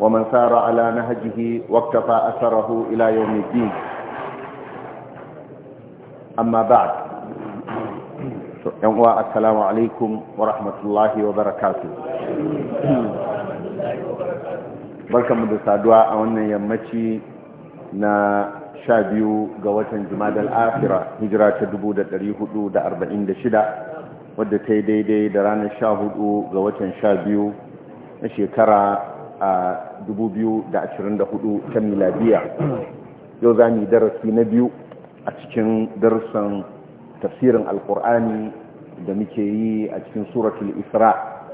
ومن سار على نهجه واكتفى أثره إلى يوم الدين أما بعد السلام عليكم ورحمة الله وبركاته barkanmu da saduwa a wannan yammaci na sha biyu ga watan jimadar afira hijira ta shida, wadda ta yi daidai da ranar sha hudu ga watan sha biyu na shekara a 2024 ta miladiya yau za mu yi darasi na biyu a cikin darussan tafsirin alkur'ani da muke yi a cikin suratul isra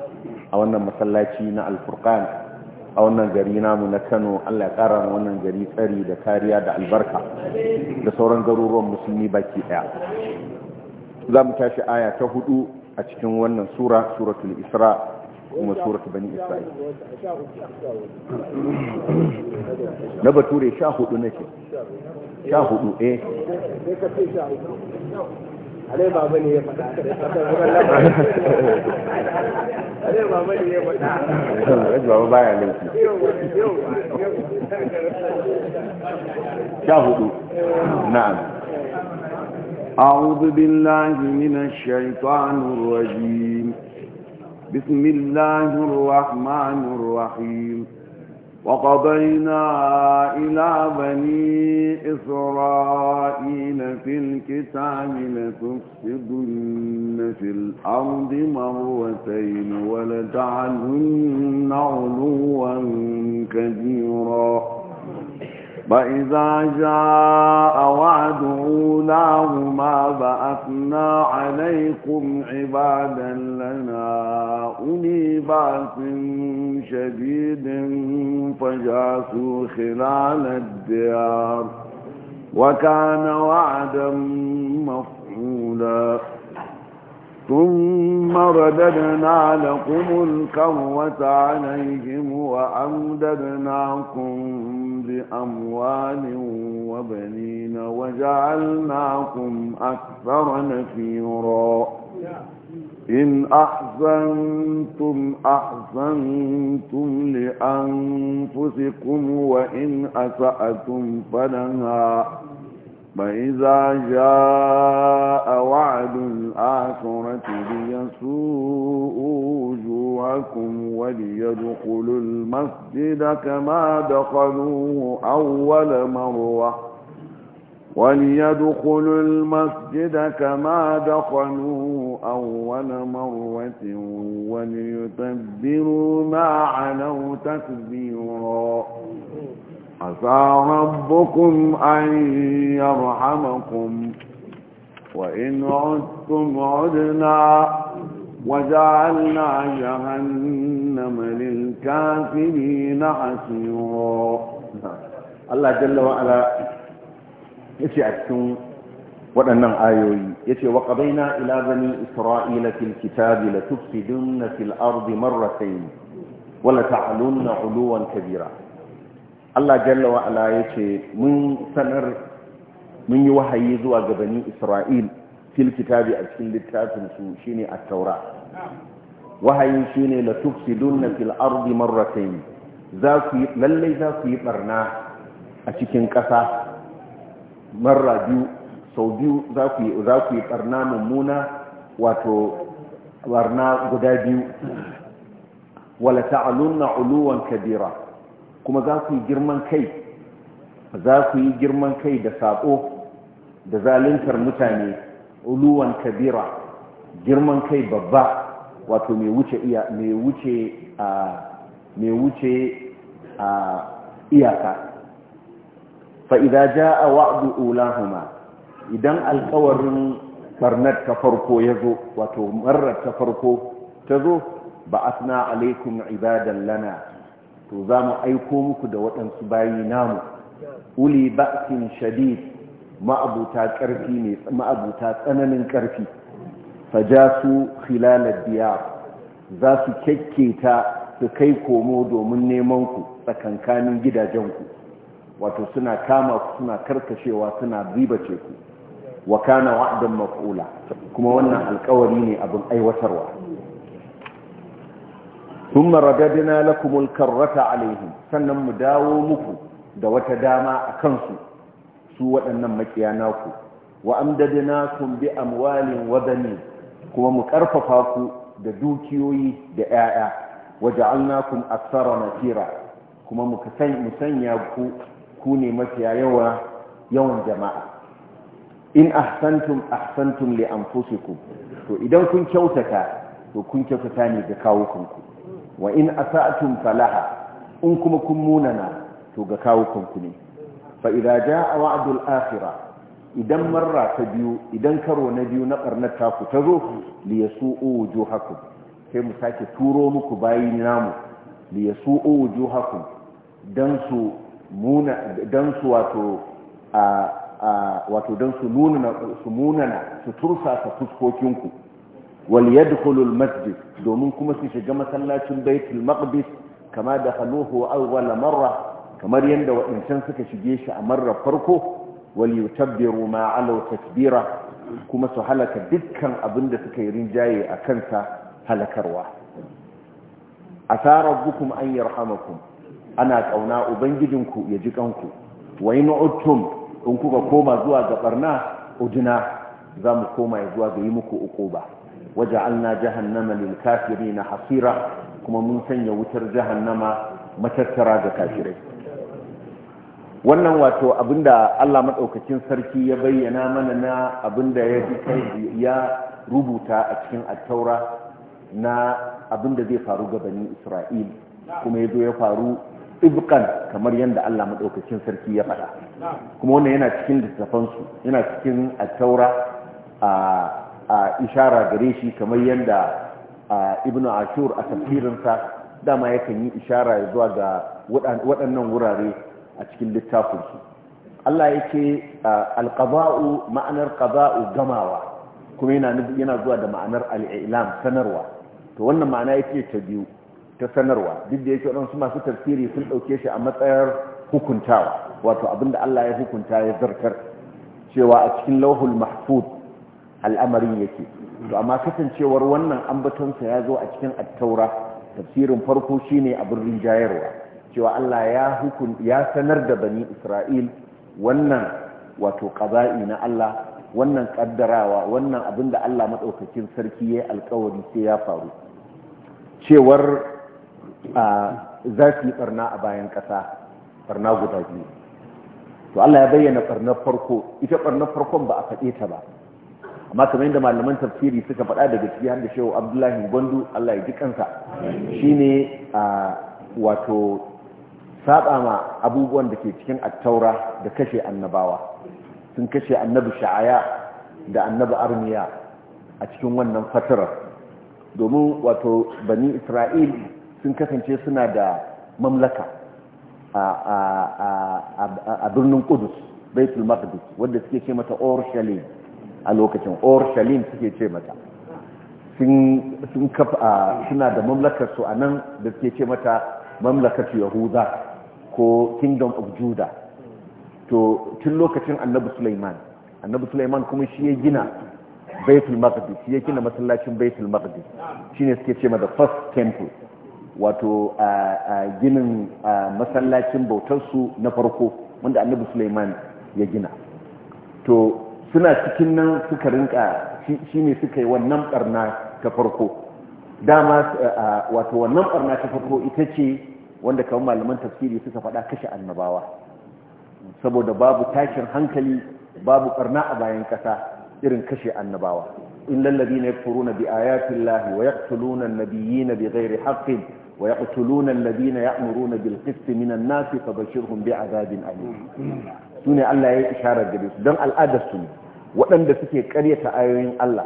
a wannan masallaci na alfurkan a wannan gari namu na kano allah ya kara wannan gari tsari da kariya da albarka da sauran garuruwan musulmi baki daya za mu tashi aya ta hudu a cikin wannan sura suratul isra كما سورة بني إسرائيل نبتوري شاهو دونيكي شاهو دونيكي عليه بابني نعم أعوذ بالله من الشيطان الرجيم بسم الله الرحمن الرحيم وقضينا إلى بني إسرائيل في الكتاب لتفسدن في الأرض مرتين ولتعلن علوا كبيرا فإذا جاء وعد أولاهما بأثنا عليكم عبادا لنا أولي بأس شديد فجاسوا خلال الديار وكان وعدا مفعولا ثم رددنا لكم الكروة عليهم وأمددناكم بأموال وبنين وجعلناكم أكثر نفيرا إن أحزنتم أحزنتم لأنفسكم وإن أسأتم فلها فإذا جاء وعد الآخرة ليسوءوا وجوهكم وليدخلوا المسجد كما دخلوه أول مرة وليدخلوا المسجد كما دخلوه أول مرة وليتبروا ما علوا تكبيرا عسى ربكم أن يرحمكم وإن عدتم عدنا وجعلنا جهنم للكافرين حسيرا الله جل وعلا يسعدكم وأن آيوي يتي وقضينا إلى بني إسرائيل في الكتاب لتفسدن في الأرض مرتين ولتعلن علوا كبيرا Allah jalla wa ala yace mun sanar mun yi wahayi zuwa ga bani Isra'il fil kitabi a cikin littafin su shine at-taura wahayi shine la tufsiduna fil ardi marratayn za ku lalle za ku yi barna a cikin ƙasa marra biyu sau biyu za ku yi za ku yi barna mummuna wato barna guda biyu wala ta'alunna uluwan kabira kuma za ku yi girman kai za ku yi girman kai da saƙo da zaluntar mutane uluwan kabira girman kai babba wato mai wuce iyaka. mai a mai wuce a iyaka idan alƙawarin barnat ta farko yazo wato marar ta farko zo, ba asna alaikum ibadan lana to za mu aiko muku da waɗansu bayi namu uli bakin shadid ma'abuta ƙarfi ne ma'abuta tsananin ƙarfi fajasu filala biya za su kekketa su kai komo domin neman ku tsakankanin gidajenku wato suna kama ku suna karkashewa suna ribace ku wa kana wa'dan maf'ula kuma wannan alƙawari ne abin aiwatarwa thumma radadna lakum al-karrata alaihim sannan mu dawo muku da wata dama a kansu su waɗannan makiya naku wa amdadnakum bi amwalin wa banin kuma mu ƙarfafa ku da dukiyoyi da 'ya'ya waja'alnakum aktsara nasira kuma mu sanya ku ne mafiya yawan jama'a in ahsantum ahsantum li ku? to idan kun kyautata to kun kyautata ne ga kawo wa in asa'tum falaha in kuma kun munana to ga kawo kanku ne fa idza jaa wa'dul idan marra ta biyu idan karo na biyu na barnar taku ta zo li yasu'u wujuhakum sai mu sake turo muku bayi namu li yasu'u wujuhakum dan su muna dan su wato a wato dan su nuna su munana su tursa ta fuskokinku wal yadkhulul masjid domin kuma su shiga masallacin baitul maqdis kama da haluhu awwal marra kamar yadda waɗancan suka shige shi a marar farko wal yutabbiru ma alau takbira kuma su halaka dukkan abin da suka yi rinjaye a kansa halakarwa asarar bukum an yarhamakum ana kauna ubangijinku ya ji kanku wa in uttum in kuka koma zuwa ga barna udna za mu koma zuwa ga yi muku ba. وجعلنا jahannama للكافرين حصيرا hasira kuma mun sanya wutar jahannama matattara ga kafirai wannan wato abinda Allah madaukakin sarki ya bayyana mana na abinda ya ya rubuta a cikin at-taura na abinda zai faru ga bani Isra'il kuma yazo ya faru ibkan kamar yadda Allah maɗaukacin sarki ya faɗa kuma wannan yana cikin littafansu yana cikin attaura a a ishara gare shi kamar yadda ibn ashur a tafirinsa dama yakan yi ishara zuwa ga waɗannan wurare a cikin littafinsu Allah ya ce alƙaza'u ma'anar ƙaza'u gamawa kuma yana zuwa da ma'anar al'ilam sanarwa to wannan ma'ana yake ta biyu ta sanarwa duk da ce waɗansu masu tafsiri sun ɗauke shi a matsayar hukuntawa wato abinda Allah ya hukunta ya zartar cewa a cikin lauhul mahfud al'amarin yake to amma kasancewar wannan ambatonsa ya zo a cikin attaura tafsirin farko shine abin rinjayarwa cewa Allah ya hukun ya sanar da bani Isra'il wannan wato qaza'i na Allah wannan kaddarawa wannan abin da Allah madaukakin sarki yayi alƙawari sai ya faru cewar za su barna a bayan ƙasa barna guda biyu to Allah ya bayyana barnar farko ita barnar farkon ba a faɗe ta ba amma kamar yadda malaman tafsiri suka faɗa daga ciki har da shehu abdullahi gwandu allah ya ji kansa shine wato saba ma abubuwan da ke cikin attaura da kashe annabawa sun kashe annabi sha'aya da annabi armiya a cikin wannan fatarar domin wato bani isra'il sun kasance suna da mamlaka a birnin kudus baitul maqdis wadda suke ce mata orushalim a lokacin Shalim suke ce mata sun kafa suna da mamlakar su a nan da suke ce mata mamlakar yahuda ko kingdom of judah to tun lokacin annabi sulaiman annabi sulaiman kuma shi ya gina baitul maqdis ya gina masallacin baitul maqdis shine suke ce mata first temple wato ginin masallacin bautar su na farko wanda annabi sulaiman ya gina to suna cikin nan suka rinka shi ne suka yi wannan barna ta farko dama wato wannan barna ta farko ita ce wanda kawai malaman tafsiri suka faɗa kashe annabawa saboda babu tashin hankali babu barna a bayan ƙasa irin kashe annabawa in lallabi na ya furu na bi ayatun lahi wa ya tuluna na biyi na bi zai rihaƙin wa ya tuluna na biyi na ya muru na bilkisti minan nasi fa bashirhun bi azabin alim su ne allah ya yi isharar gare su don al'adar su ne waɗanda suke ƙaryata ayoyin Allah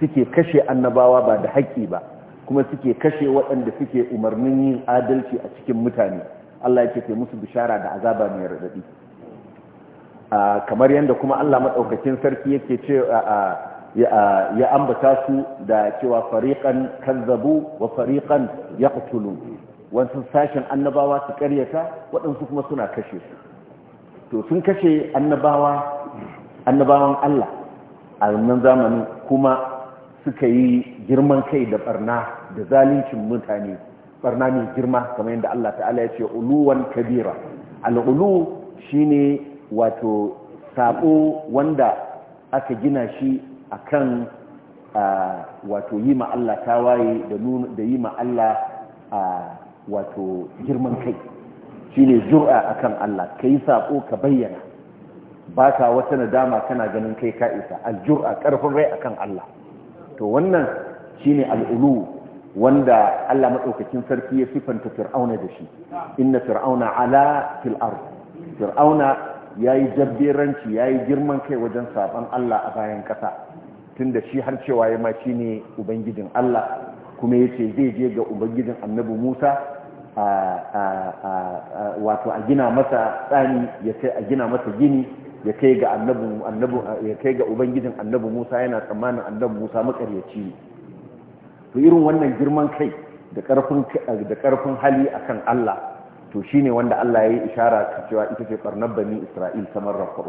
suke kashe annabawa ba da haƙƙi ba kuma suke kashe waɗanda suke umarnin yin adalci a cikin mutane Allah yake ce musu bishara da azaba mai radadi kamar yadda kuma Allah madaukakin sarki yake ce ya ambata su da cewa fariƙan kazzabu wa fariqan yaqtulun wasu sashen annabawa su ƙaryata waɗansu kuma suna kashe su to sun kashe annabawa annabawan Allah a wannan zamanin kuma suka yi girman kai da barna da zalincin mutane barna mai girma kamar yadda Allah ta'ala ya ce uluwan kabira al'ulu shine wato sako wanda aka gina shi akan wato yi ma Allah tawaye da yi ma Allah wato girman kai shine jur'a akan Allah kai sako ka bayyana ba ka wata nadama kana ganin kai ka isa a karfin rai akan Allah to wannan shine al'ulu wanda Allah madaukakin sarki ya sifanta fir'auna da shi inna fir'auna ala fil ard fir'auna yayi jabbiranci yayi girman kai wajen saban Allah a bayan kasa tunda shi har cewa ya ma ne ubangijin Allah kuma yace zai je ga ubangijin Annabi Musa wato a gina masa tsani ya sai a gina masa gini ya kai ga annabi annabi ya kai ga ubangijin annabi Musa yana tsammanin annabi Musa makaryaci ne to irin wannan girman kai da karfin da karfin hali akan Allah to shine wanda Allah ya yi ishara cewa ita ce barnar bani Isra'il kamar farko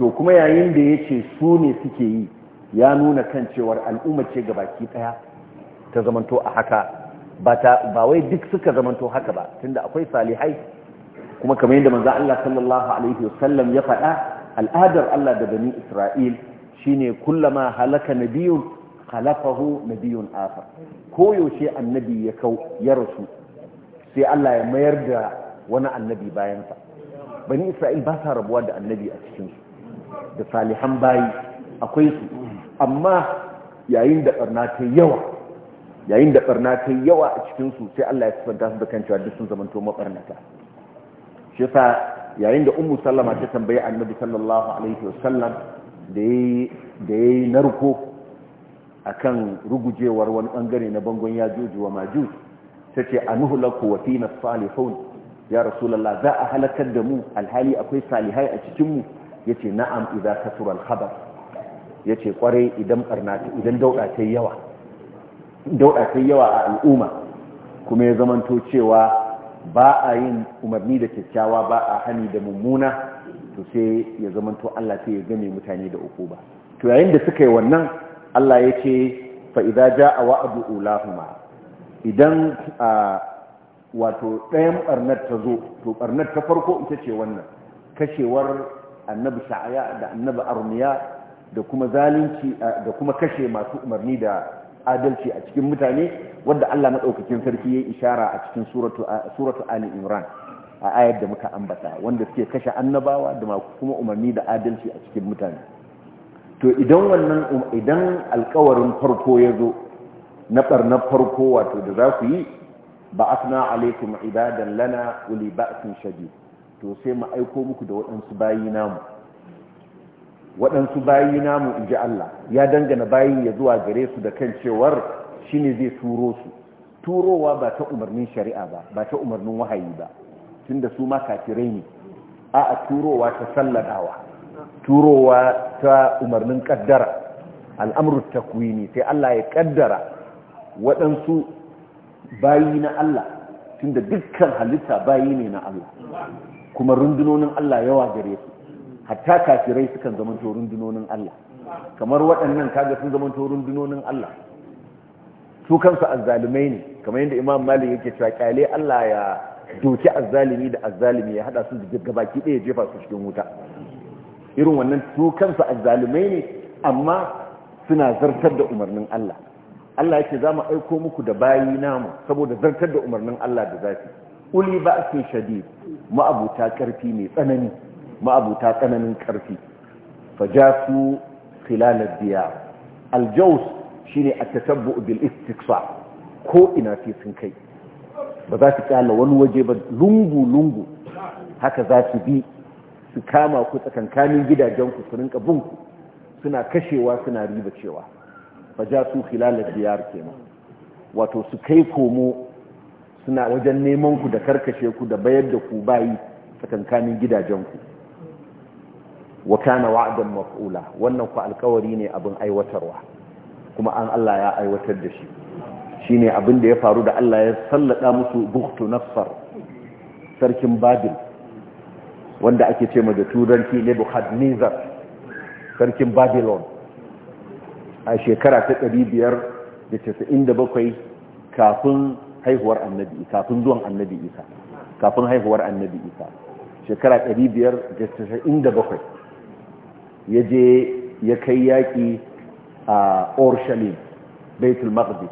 to kuma yayin da ya ce su ne suke yi ya nuna kan cewar al'umma ce ga baki daya ta zamanto a haka ba wai duk suka zamanto haka ba tunda akwai salihai kuma kamar yadda manzo Allah sallallahu alaihi wasallam ya faɗa al'adar Allah da bani Isra'il shine kullama halaka nabiyun khalafahu nabiyun akhar koyaushe annabi ya kau ya rasu sai Allah ya mayar da wani annabi bayansa bani Isra'il ba sa rabuwa da annabi a cikin su da salihan bayi akwai su amma yayin da barna ta yawa yayin da barna ta yawa a cikin su sai Allah ya sifanta su da kan cewa duk sun zamanto mabarnata shi yayin da ummu sallama ta tambayi annabi sallallahu alaihi wasallam da yayi yi yayi a kan rugujewar wani bangare na bangon yajuji wa majuj tace anuhlaku wa fina salihun ya rasulullah za a halakar da mu alhali akwai salihai a cikin mu ce na'am idza kasura al Ya ce kwarai idan barna idan ta yawa ta yawa a al'umma kuma ya zamanto cewa ba a yin umarni da kyakkyawa ba a hani da mummuna to sai ya zamanto Allah sai ya game mutane da uku ba to yayin da suka yi wannan Allah ya ce fa ja a wa'adu ulahuma idan wato ɗayan ɓarnar ta zo to barnar ta farko ita ce wannan kashewar annabi sha'aya da annabi armiya da kuma zalunci da kuma kashe masu umarni da adalci a cikin mutane wanda Allah madaukakin sarki yi ishara a cikin suratu ali imran a ayar da muka ambata wanda suke kashe annabawa da kuma umarni da adalci a cikin mutane to idan wannan idan alkawarin farko ya zo na ɓarnar farko wato da za ku yi ba suna alaikum ibadan lana uli ba'sin to sai mu aiko muku da waɗansu bayi namu waɗansu bayi namu in ji Allah ya dangana bayi ya zuwa gare su da kan cewar shine zai turo su turowa ba ta umarnin shari'a ba ba ta umarnin wahayi ba tunda su ma kafirai ne a a turowa ta salladawa turowa ta umarnin kaddara al'amru takwini sai Allah ya kaddara waɗansu bayi na Allah tunda dukkan halitta bayi ne na Allah kuma rundunonin Allah yawa gare su hatta kafirai sukan zama rundunonin Allah kamar waɗannan kaga sun zama rundunonin Allah su kansu azzalumai ne kamar yadda imam malik yake cewa kyale Allah ya doki azzalimi da azzalimi ya hada su da baki ɗaya jefa su cikin wuta irin wannan su kansu azzalumai ne amma suna zartar da umarnin Allah Allah yake za mu aiko muku da bayi namu saboda zartar da umarnin Allah da zafi uli ba su shadi ma'abuta karfi mai tsanani ma'abuta tsananin karfi fajasu khilalad diyar aljaus shine at-tatabbu bil istiqsa ko ina sai sun kai ba za su kyala wani waje ba lungu lungu haka za su bi su kama ku tsakankanin gidajen ku su rinka bunku suna kashewa suna riba cewa ba ja su khilalad diyar kenan wato su kai komo suna wajen neman ku da karkashe ku da bayar da ku bayi tsakankanin gidajen ku wa kana wa'dan maf'ula wannan ku alkawari ne abin aiwatarwa kuma an Allah ya aiwatar da shi shine abin da ya faru da Allah ya sallada musu bukhtu nassar sarkin babil wanda ake ce ma da turanci Nebuchadnezzar sarkin Babilon, a shekara ta 597 kafin haihuwar annabi kafin zuwan annabi Isa kafin haihuwar annabi Isa shekara 597 ya je ya kai yaƙi a Orshalim Baitul magdi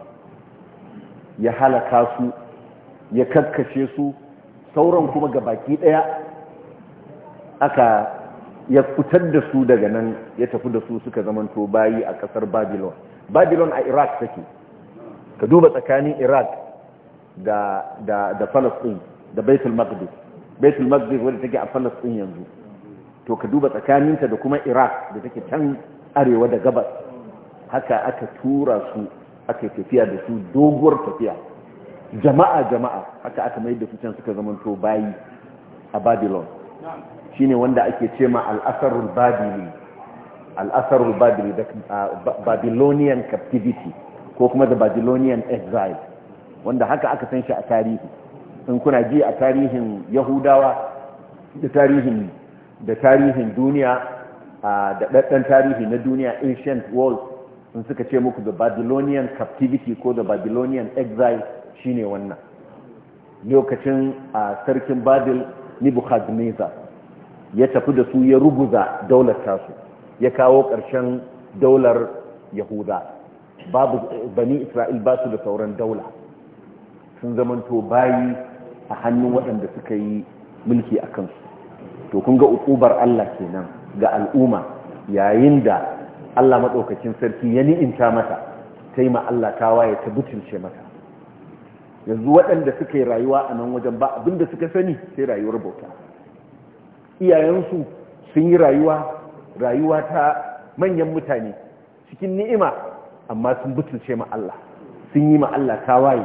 ya halaka su ya karkashe su sauran kuma ga baki ɗaya, aka ya fitar da su daga nan ya tafi da su suka zamanto bayi a kasar Babylon Babylon a Iraq take ka duba tsakanin Iraq da da da Baitul magdi Baitul magdi wanda take a falastin yanzu to ka duba tsakaninta da kuma Iraq da take can arewa da gabas haka aka tura su aka tafiya da su doguwar tafiya jama'a jama'a haka aka mai da su can suka zamanto bayi a babylon shi ne wanda ake ce ma al'asarul babili al'asarul babili da babylonian captivity ko kuma da babylonian exile wanda haka aka san shi a tarihi in kuna ji a tarihin yahudawa da tarihin da tarihin duniya da ɗaɗɗan tarihi na duniya ancient world in suka ce muku da babylonian captivity ko da babylonian exile shine wannan lokacin a sarkin babil nebuchadnezzar ya tafi da su ya ruguza daular tasu ya kawo ƙarshen daular yahuda babu bani isra'il ba su da sauran daula sun zamanto bayi a hannun waɗanda suka yi mulki a kansu to kun ga uƙubar allah kenan ga al'umma yayin da Allah maɗaukacin sarki ya ni'inta mata ta yi ma Allah tawaye ta butulce mata yanzu waɗanda suka yi rayuwa a nan wajen ba abinda suka sani sai rayuwar bauta iyayensu sun yi rayuwa rayuwa ta manyan mutane cikin ni'ima amma sun butulce ma Allah sun yi ma Allah tawaye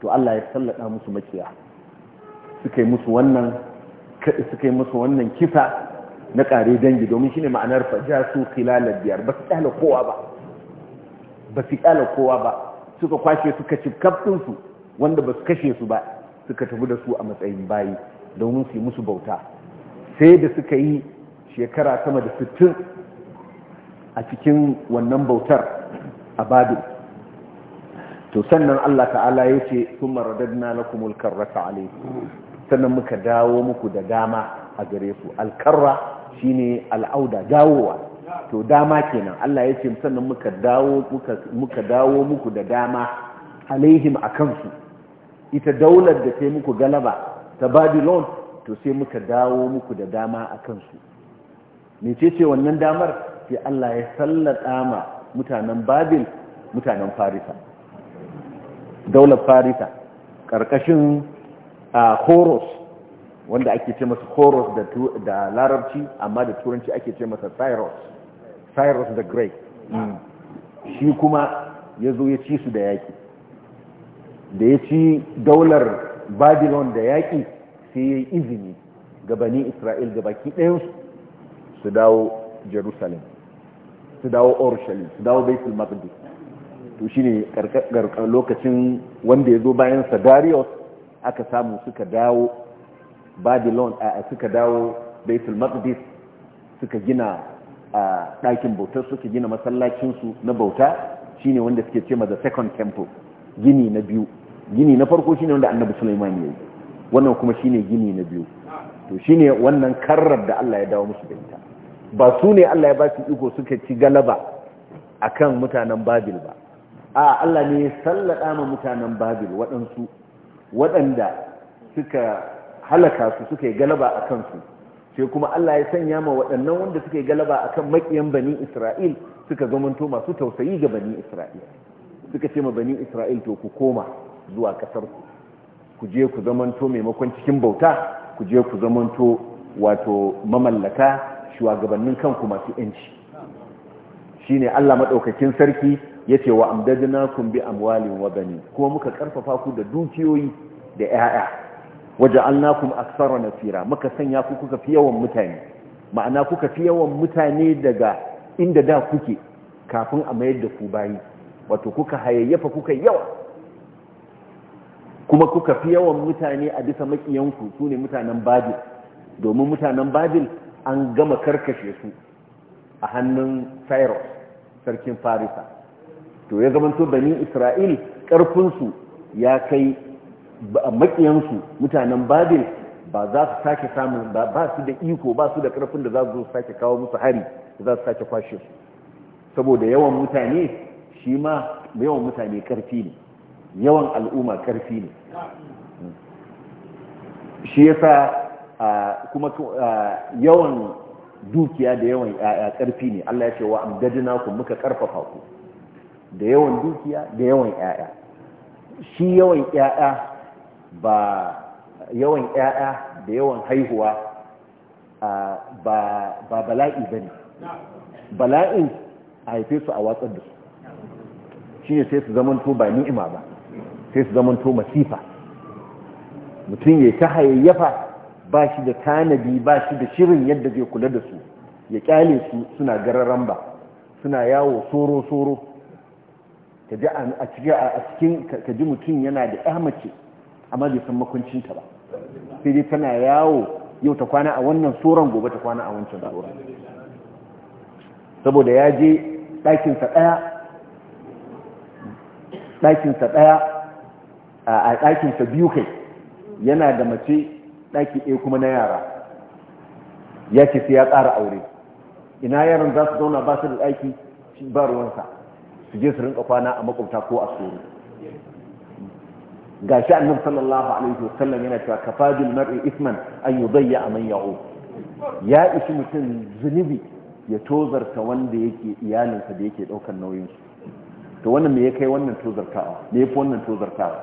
to Allah ya sallada musu makiya suka yi musu suka musu wannan kisa na ƙare dangi domin shine ma'anar faja su khilalar biyar ba su ƙyala kowa ba ba su ƙyala kowa ba suka kwashe suka ci kaftinsu wanda ba su kashe su ba suka tafi da su a matsayin bayi domin su yi musu bauta sai da suka yi shekara sama da sittin a cikin wannan bautar a to sannan Allah ta'ala ya ce sun maradadna na kuma alkarrata alaikum sannan muka dawo muku da dama a gare su alkarra shine al'auda dawowa to dama kenan Allah ya ce sannan muka dawo muka dawo muku da dama alaihim a kansu. ita daular da sai muku galaba ta Babylon to sai muka dawo muku da dama Me ce ce wannan damar sai Allah ya sallata ma mutanen Babil mutanen Farisa daular Farisa ƙarƙashin a Horus wanda ake ce masa horus da larabci amma da turanci ake ce masa cyrus cyrus the great mm. shi kuma ya zo ya ci su da yaƙi da ya ci daular babylon da yaƙi sai ya yi izini ga bani isra'il da baki ɗayansu su dawo jerusalem su dawo orushalim su dawo baitul maqdis to shi shine lokacin wanda ya zo bayan sadarius aka samu suka dawo babylon a suka dawo baitul maqdis suka gina a ɗakin bautar suka gina masallacinsu na bauta shine wanda suke ce the second temple gini na biyu gini na farko shine wanda annabi sulaiman ya yi wannan kuma shine gini na biyu to shine wannan karrar da Allah ya dawo musu da ita ba su ne Allah ya ba su iko suka ci galaba akan mutanen babil ba a Allah ne ya sallada ma mutanen babil waɗansu waɗanda suka halaka su suka galaba a kansu sai kuma Allah ya sanya ma waɗannan wanda suka galaba a kan maƙiyan bani Isra'il suka zamanto masu tausayi ga bani Isra'il suka ce ma bani Isra'il to ku koma zuwa ƙasar ku ku je ku zamanto maimakon cikin bauta ku je ku zamanto wato mamallaka shugabannin kanku masu yanci shine Allah maɗaukakin sarki ya ce wa kun bi amwalin wa bani kuma muka karfafa ku da dukiyoyi da 'ya'ya waje aksara na fira muka sanya ku kuka fi yawan mutane ma'ana kuka fi yawan mutane daga inda da kuke kafin a mayar da ku bayi wato kuka hayayyafa kuka yawa kuma kuka fi yawan mutane a bisa makiyanku su ne mutanen babil domin mutanen babil an gama karkashe su a hannun cyrus sarkin farisa to ya zama to bani isra'il ƙarfinsu ya kai A makiyansu mutanen babil ba za su sake samun ba su da iko ba su da karfin da za su sake kawo musu hari da za su sake kwashe su saboda yawan mutane shi ma yawan mutane karfi ne yawan al'umma karfi ne shi ya sa kuma yawan dukiya da yawan karfi ne Allah ya ce wa amdadina ku muka karfafa ku da yawan dukiya da yawan 'ya'ya shi yawan 'ya'ya ba yawan ƴaƴa da yawan haihuwa ba bala'i ba ne bala'in a haife su a watsar da su shi ne sai su zamanto ba ni'ima ba sai su zamanto masifa mutum ya ta hayayyafa ba shi da tanadi ba shi da shirin yadda zai kula da su ya kyale su suna gararan ba suna yawo soro-soro ka ji mutum yana da ya mace amma bai san makuncinta ba sai dai tana yawo yau ta kwana a wannan tsoron gobe ta kwana a wancan tsoron saboda ya je ɗakinsa ɗaya a ɗakinsa biyu kai yana da mace ɗaki ɗaya kuma na yara ya ce sai ya ƙara aure ina yaran za su zauna ba su da ɗaki ba ruwansa su je su rinka kwana a makwabta ko a tsoron ga shi annabi sallallahu alaihi wasallam yana cewa kafajil mar'i isman an yudayya man ya'u ya ishi mutum zunubi ya tozarta wanda yake iyalinsa da yake daukar nauyin shi to wannan me ya kai wannan tozartawa me yafi wannan tozartawa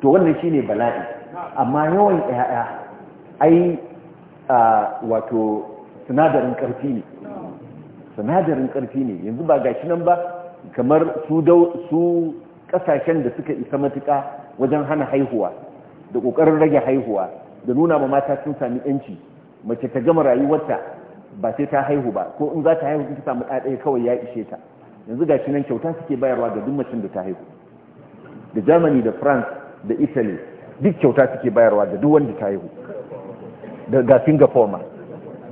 to wannan shine bala'i amma yawan ƴaƴa ai wato sinadarin karfi ne sinadarin karfi ne yanzu ba gashi nan ba kamar su su kasashen da suka isa matuka wajen hana haihuwa da ƙoƙarin rage haihuwa da nuna ma mata sun sami yanci mace ta gama rayuwarta ba sai ta haihu ba ko in za ta haihu ta samu ɗaya kawai ya ishe ta yanzu ga shi nan kyauta suke bayarwa ga duk macen da ta haihu da germany da france da italy duk kyauta suke bayarwa ga duk wanda ta haihu da ga singapore ma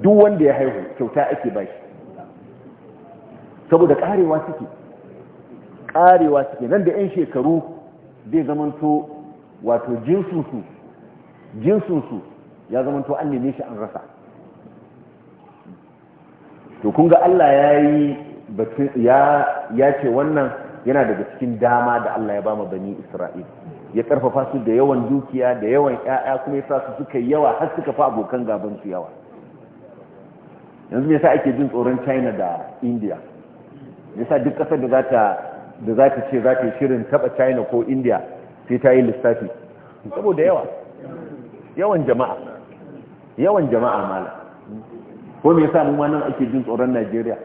duk wanda ya haihu kyauta ake ba shi saboda karewa suke karewa suke nan da 'yan shekaru zai zamanto wato jinsunsu jinsunsu ya zamanto an neme shi an rasa to kun ga Allah ya yi ya ce wannan yana daga cikin dama da Allah ya bama bani Isra'il ya karfafa su da yawan dukiya da yawan ƴaƴa kuma ya su suka yawa har suka fa abokan gaban su yawa yanzu me yasa ake jin tsoron China da India me yasa duk kasar da za ta da za ka ce za ka yi shirin taba china ko india sai ta yi lissafi saboda yawa yawan jama'a yawan jama'a mala ko me sa mu ma nan ake jin tsoron najeriya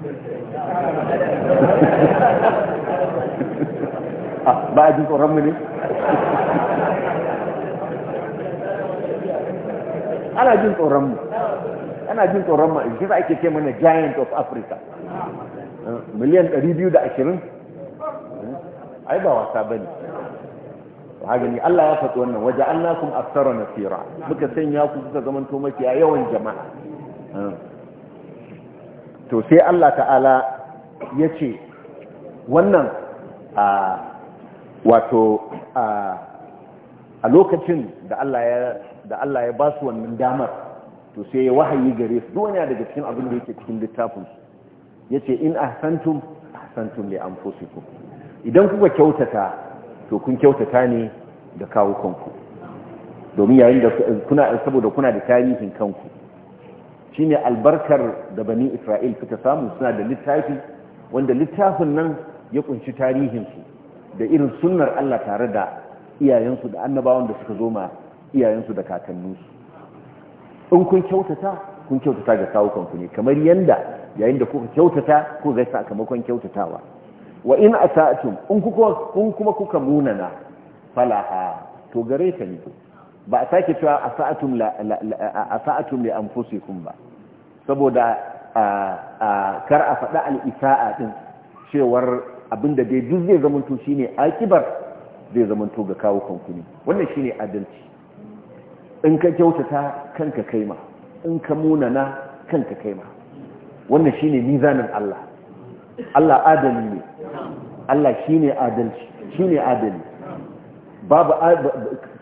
ah, ba a jin tsoron mu ne ana jin tsoron mu ana jin tsoron mu shi ake ce mana giant of africa miliyan 220 ai ba wasa bane hagani Allah ya faɗi wannan waje annakum aksara nasira muka sanya ku suka zaman to a yawan jama'a to sai Allah ta'ala ya ce wannan a wato a lokacin da Allah ya da ba su wannan damar to sai ya wahayi gare su duk wani daga cikin abin da yake cikin littafin su yace in ahsantum ahsantum li anfusikum idan kuka kyautata to kun kyautata ne da kawo kanku domin yayin da kuna saboda kuna da tarihin kanku shine albarkar da bani Isra'il suka samu suna da littafi wanda littafin nan ya kunshi tarihinsu da irin sunnar Allah tare da iyayensu da annabawan da suka zo ma iyayensu da kakanninsu in kun kyautata kun kyautata ga kawukanku ne kamar yanda yayin da kuka kyautata ko zai sakamakon kyautatawa wa in asa'tum in kuka kun kuma kuka munana falaha to gare ta ne ba a sake cewa asa'tum la asa'tum li anfusikum ba saboda kar a faɗa al-isa'a din cewar abinda dai duk zai to shine akibar zai to ga kawo kanku ne wannan shine adalci in ka kyautata kanka kaima in ka munana kanka kaima wannan shine mizanin Allah Allah adali ne Allah shine adalci shine adali babu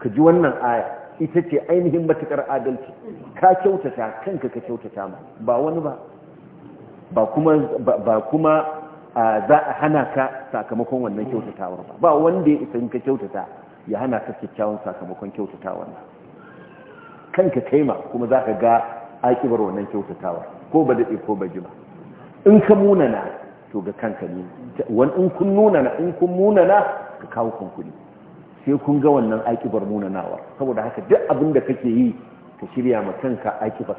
ka ji wannan aya ita ce ainihin matukar adalci ka kyautata kanka ka kyautata ma ba wani ba ba kuma ba za a hana ka sakamakon wannan kyautatawar ba ba wanda ya isa ka kyautata ya hana ka kyakkyawan sakamakon kyautatawar kanka kaima kuma za ka ga aƙibar wannan kyautatawar ko ba daɗe ko ba ba in ka munana to ga kanka ne wani in kun nunana in kun munana ka kawo kunkuli sai kun ga wannan aƙibar munanawa saboda haka duk abin da kake yi ka shirya ma kanka sa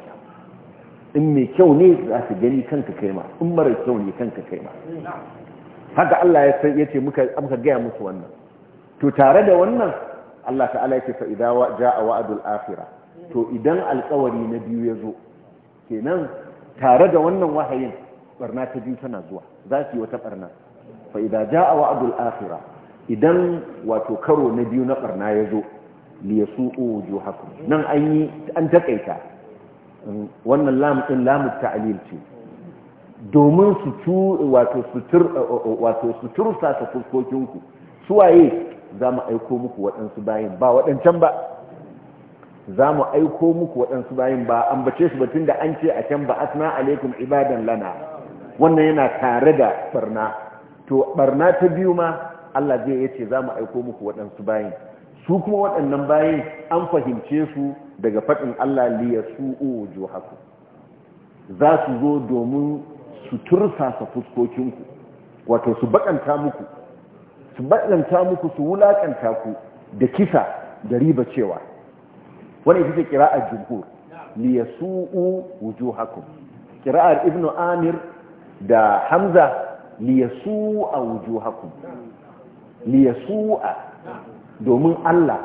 in mai kyau ne za su gani kanka kai ma in mara kyau ne kanka kai ma haka Allah ya san yace muka muka gaya musu wannan to tare da wannan Allah ta'ala yake fa idza jaa wa'dul akhirah to idan alƙawari na biyu ya zo kenan tare da wannan wahayin barna ta biyu tana zuwa za su yi wata barna fa ja jaa wa'dul akhira idan wato karo na biyu na barna ya zo li yasu'u wujuhakum nan an yi an takaita wannan lam din lamu ta'lil ce domin su tu wato sutur wato sutur sa ta fuskokinku suwaye za mu aiko muku waɗansu bayin ba waɗancan ba za mu aiko muku waɗansu bayin ba An bace su batun da an ce a can ba asna alaikum ibadan lana wannan yana tare da barna to barna ta biyu ma Allah zai ce za mu aiko muku waɗansu bayin su kuma waɗannan bayin an fahimce su daga faɗin Allah liya su'u haku. za su zo domin su tursasa fuskokinku wato su baƙanta muku su baƙanta muku su wulaƙanta ku da kisa da riba cewa Wani ita ce qira'ar jumhur li yasu'u wujuhakum kira'ar ibnu amir da hamza li yasu'a wujuhakum li domin Allah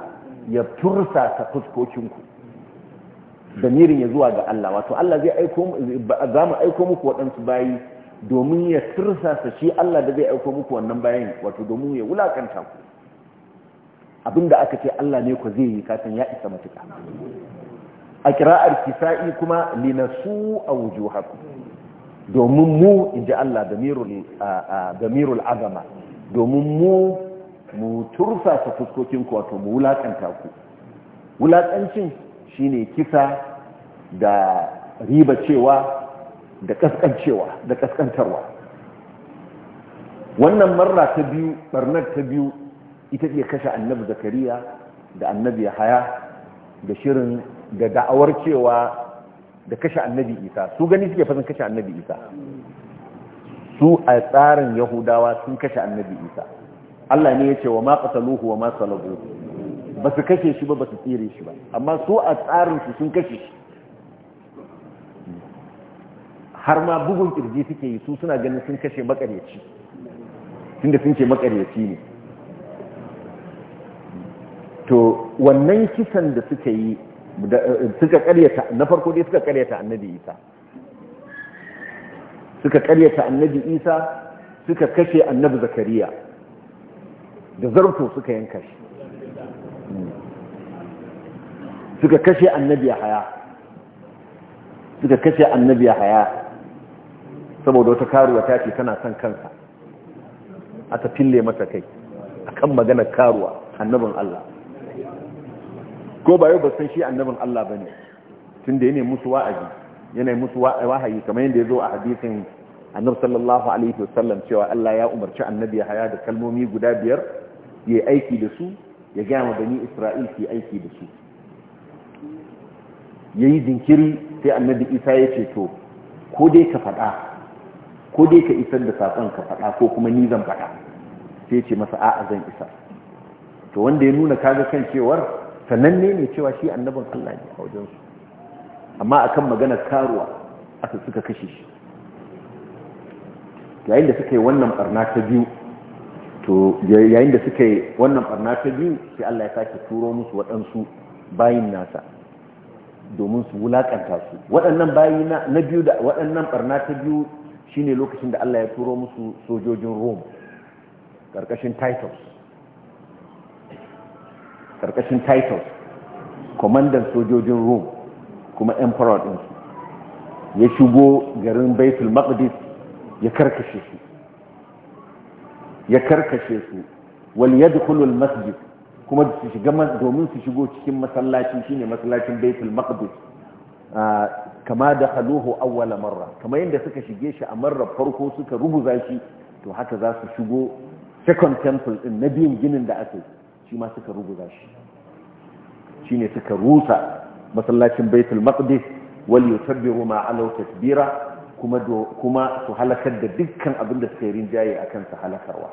ya tursa ta fuskokinku damirin ya zuwa ga Allah wato Allah zai aiko za mu aiko muku waɗansu bayi domin ya tursasa shi Allah da zai aiko muku wannan bayan wato domin ya wulakanta ku abinda aka ce Allah ne ku zai yi kafin ya isa matuka a kira'ar kisa'i kuma su a haku domin mu in ji Allah da mirul azama domin mu mu turfa ta fuskokin ku wato mu wulaƙanta ku shi shine kisa da riba cewa da ƙasƙancewa da ƙasƙantarwa wannan marra ta biyu ɓarnar ta biyu ita ce kashe annabi zakariya da annabi yahaya da shirin da da'awar cewa da kashe annabi isa su gani suke fasin kashe annabi isa su a tsarin yahudawa sun kashe annabi isa Allah ne ya ce wa ma qataluhu wa ma salabuhu ba su kashe shi ba ba su tsire shi ba amma su a tsarin su sun kashe shi har ma bugun kirji suke yi su suna ganin sun kashe makaryaci tunda sun ce makaryaci ne to wannan kisan da suka yi eh, suka karyata na farko dai suka karyata annabi isa suka karyata annabi isa suka kashe annabi zakariya da zarto suka yanka shi hmm. suka kashe annabi haya suka kashe annabi haya saboda wata karuwa ta ce tana son kansa aka fille mata kai akan maganar karuwa annabin Allah ko ba yau ba san shi annabin Allah ba ne tun da ya nemi musu wa'azi yana musu wahayi kamar yadda ya zo a hadisin annabi sallallahu alaihi wasallam cewa Allah ya umarci annabi ya haya da kalmomi guda biyar ya aiki da su ya gaya ma bani Isra'il su aiki da su Ya yi jinkiri sai annabi Isa ya ce to ko dai ka faɗa ko dai ka isar da saƙon ka faɗa ko kuma ni zan faɗa sai ce masa a'a zan isa to wanda ya nuna kaga kan cewar Sannan ne cewa shi annabin Allah ne a wajensu amma akan maganar karuwa aka suka kashe shi yayin da suka yi wannan barna ta biyu to yayin da suka yi wannan barna ta biyu sai Allah ya sake turo musu waɗansu bayin nasa domin su wulakanta su waɗannan bayi na biyu da waɗannan barna ta biyu shine lokacin da Allah ya turo musu sojojin Rome karkashin Titus karkashin titus kwamandan sojojin rome kuma emperor ɗinsu ya shigo garin baitul maqdis ya karkashe su ya karkashe su wal yadkhulul masjid kuma su shiga domin su shigo cikin masallaci shine masallacin baitul maqdis ah, kama da haluhu awwala marra kamar yadda suka shige shi a marra farko suka rubuza shi to haka za su shigo second temple din na biyun ginin da aka shi ma suka ruguza shi shi ne suka rusa masallacin baitul maqdis wal yutabbiru ma ala tasbira kuma kuma su halakar da dukkan abin da suka yi rinjaye akan su halakarwa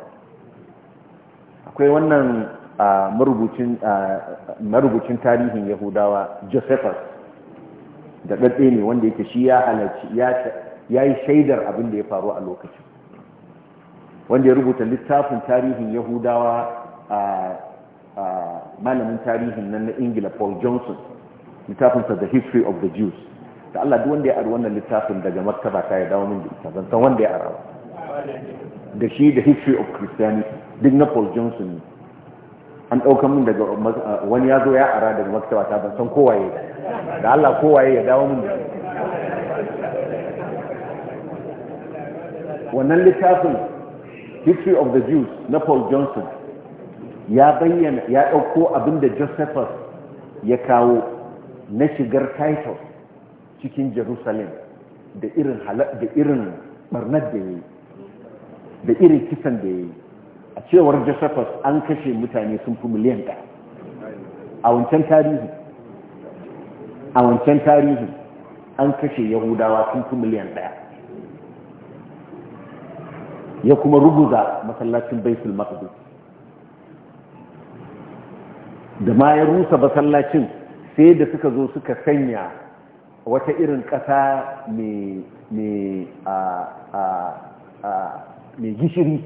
akwai wannan marubucin marubucin tarihin yahudawa josephus da dadde ne wanda yake shi ya halarci ya yi shaidar abin da ya faru a lokacin wanda ya rubuta littafin tarihin yahudawa malamin tarihin nan na ingila paul johnson littafinsa the history of the jews da allah duk wanda ya ari wannan littafin daga martaba ta ya dawo min da ita zan san wanda ya arawa da shi the history of christianity duk na paul johnson ne an ɗaukar min daga wani ya zo ya ara daga maktaba ta ban san kowaye da Allah kowaye ya dawo min da wannan littafin history of the jews na paul johnson ya bayyana ya ɗauko abin da josephus ya kawo na shigar titus cikin jerusalem da irin da irin barnar da ya yi da irin kisan da ya yi a cewar josephus an kashe mutane sun fi miliyan ɗaya a wancan tarihi a wancan tarihi an kashe yahudawa sun fi miliyan ɗaya ya kuma ruguza masallacin baitul maqdis da ma ya rusa masallacin sai da suka zo suka sanya wata irin ƙasa mai gishiri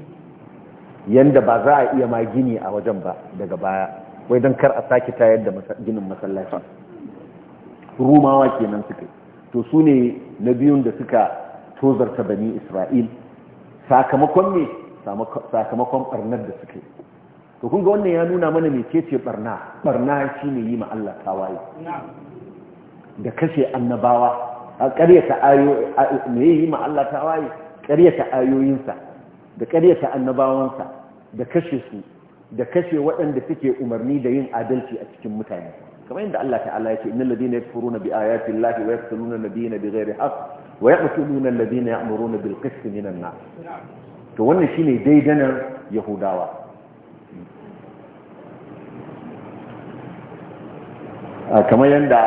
yadda ba za a iya ma gini a wajen ba daga baya wai don kar a sake tayar da ginin masallacin rumawa kenan suka to su ne na biyun da suka tozarta bani isra'il sakamakon ne sakamakon ɓarnar da suka yi to kun ga wannan ya nuna mana mecece barna barna shine yi ma Allah tawaye da kashe annabawa a ƙaryata ayo me yi ma Allah tawaye ƙaryata ayoyinsa da ƙaryata annabawansa da kashe su da kashe waɗanda suke umarni da yin adalci a cikin mutane kamar yadda Allah ta'ala ya ce innal ladina yakfuruna bi ayati llahi wa yaqtuluna nabiyina bighairi haqq wa yaqtuluna alladhina ya'muruna bil qist minan nas to wannan shine daidanar yahudawa kamar yadda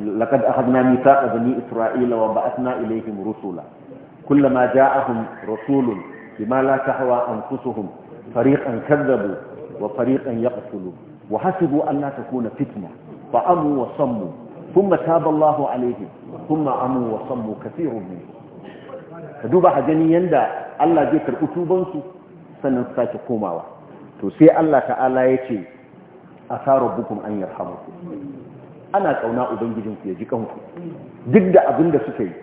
لقد أخذنا ميثاق بني إسرائيل وبعثنا إليهم رسولا كلما جاءهم رسول بما لا تهوى أنفسهم فريقا كذبوا وفريقا يقتلوا وحسبوا أن لا تكون فتنة فأموا وصموا ثم تاب الله عليهم ثم أموا وصموا كثير منهم فدوبا حجني يندى الله ذكر أتوبانسو سننساك قوماوا تسي الله تعالى يتي asa bukun an yarhamukum ana kauna ubangijin ku ya ji kanku duk da abin da suka yi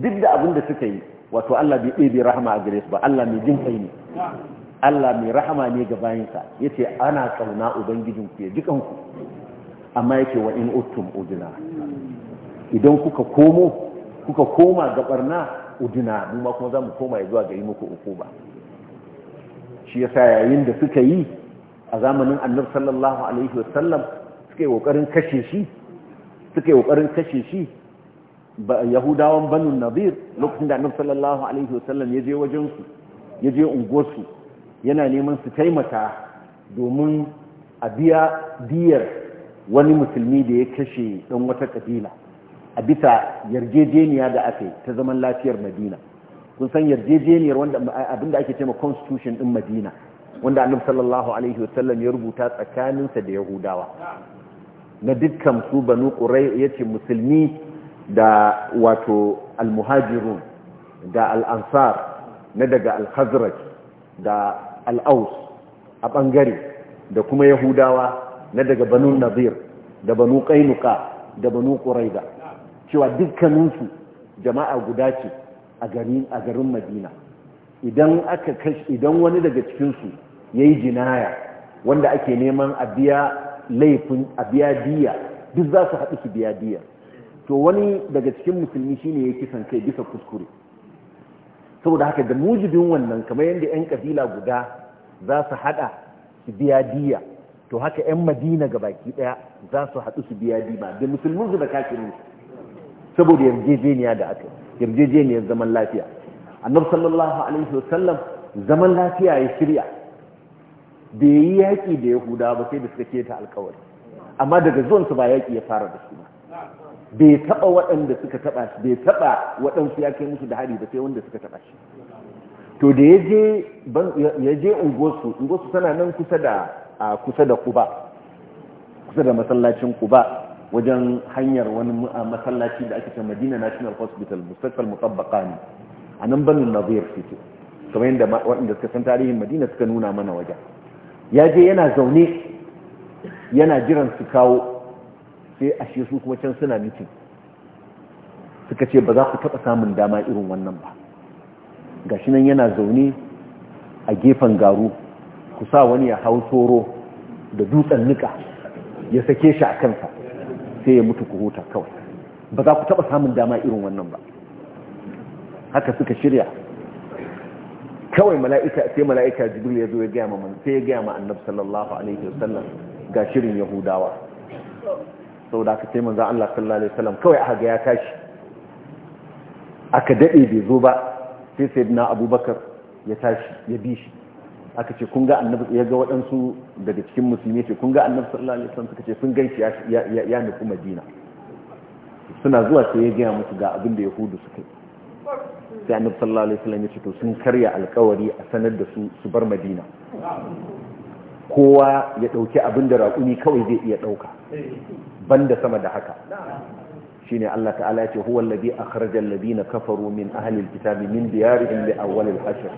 duk da abin da suka yi wato Allah bai ɗebe rahama a gare su ba Allah mai jin kai ne Allah mai rahama ne ga bayinsa yace ana kauna ubangijin ku ya ji kanku amma yake wa in uttum udina idan kuka komo kuka koma ga barna udina mu ma kuma zamu koma ya zuwa ga yi muku ba shi yasa yayin da suka yi a zamanin annabi sallallahu alaihi wasallam suka kokarin kashe shi kashe shi yahudawan banu nazir lokacin da annabi sallallahu alaihi wasallam ya je wajen ya je unguwarsu yana neman su taimata domin a biya diyar wani musulmi da ya kashe ɗan wata kabila a bisa yarjejeniya da aka yi ta zaman lafiyar madina kun san yarjejeniyar wanda abinda ake cema constitution din madina wanda annabi sallallahu alaihi wasallam ya rubuta tsakaninsa da yahudawa na dukkan su banu ƙurai ya ce musulmi da wato almuhajirun da al'ansar na daga alhazraj da Al aus a ɓangare da kuma yahudawa na daga banu nazir da banu ƙainuka da banu ƙurai cewa dukkaninsu jama'a guda ce a garin madina idan aka idan wani daga cikinsu ya yi jinaya wanda ake neman a biya laifin a biya diya duk za su haɗu su biya diya to wani daga cikin musulmi shine ya kisan kai bisa kuskure saboda haka da mujibin wannan kamar yadda 'yan kabila guda za su haɗa su biya diya to haka 'yan madina ga baki ɗaya za su haɗu su biya diya da musulminsu da kafirinsu saboda yarjejeniya da aka yarjejeniyar zaman lafiya annabi sallallahu alaihi wasallam zaman lafiya ya shirya bai yi yaƙi da yahuda ba sai da suka keta alkawari amma daga zuwansu ba yaƙi ya fara da su ba bai taɓa waɗanda suka taɓa shi bai taɓa waɗansu ya kai musu da hari ba sai wanda suka taɓa shi to da ya je ungosu ungosu tana nan kusa da kusa da kuba kusa da masallacin kuba wajen hanyar wani masallaci da ake ce madina national hospital mustaqbal mutabbaqani a nan banin nazir fito kamar yadda waɗanda suka san tarihin madina suka nuna mana wajen ya je yana zaune yana jiran su kawo sai ashe su kuma can suna mitin suka ce ba za ku taɓa samun dama irin wannan ba ga shi nan yana zaune a gefen garu ku sa wani ya hau toro da dutsen nika ya sake shi a kansa sai ya mutu ku huta kawai ba za ku taɓa samun dama irin wannan ba haka suka shirya kawai mala'ika sai mala'ika jibril ya zo ya gaya ma sai ya gaya ma annabi sallallahu alaihi wasallam ga shirin yahudawa Sau da aka sai manzo Allah sallallahu alaihi wasallam kawai aka ga ya tashi aka daɗe bai zo ba sai sayyidina abubakar ya tashi ya bi shi aka ce kun ga annabi ya ga waɗansu daga cikin musulmi ce kun ga annabi sallallahu alaihi wasallam suka ce sun gan ya ya nufi madina suna zuwa sai ya gaya musu ga abin da yahudu suka yi sai annabi sallallahu alaihi wasallam ya ce to sun karya alkawari a sanar da su su bar madina kowa ya dauki abin da raƙumi kawai zai iya dauka banda sama da haka shine Allah ta'ala ya ce huwa alladhi akhraja alladhina kafaru min ahli alkitabi min diyarihim li awwal alhashr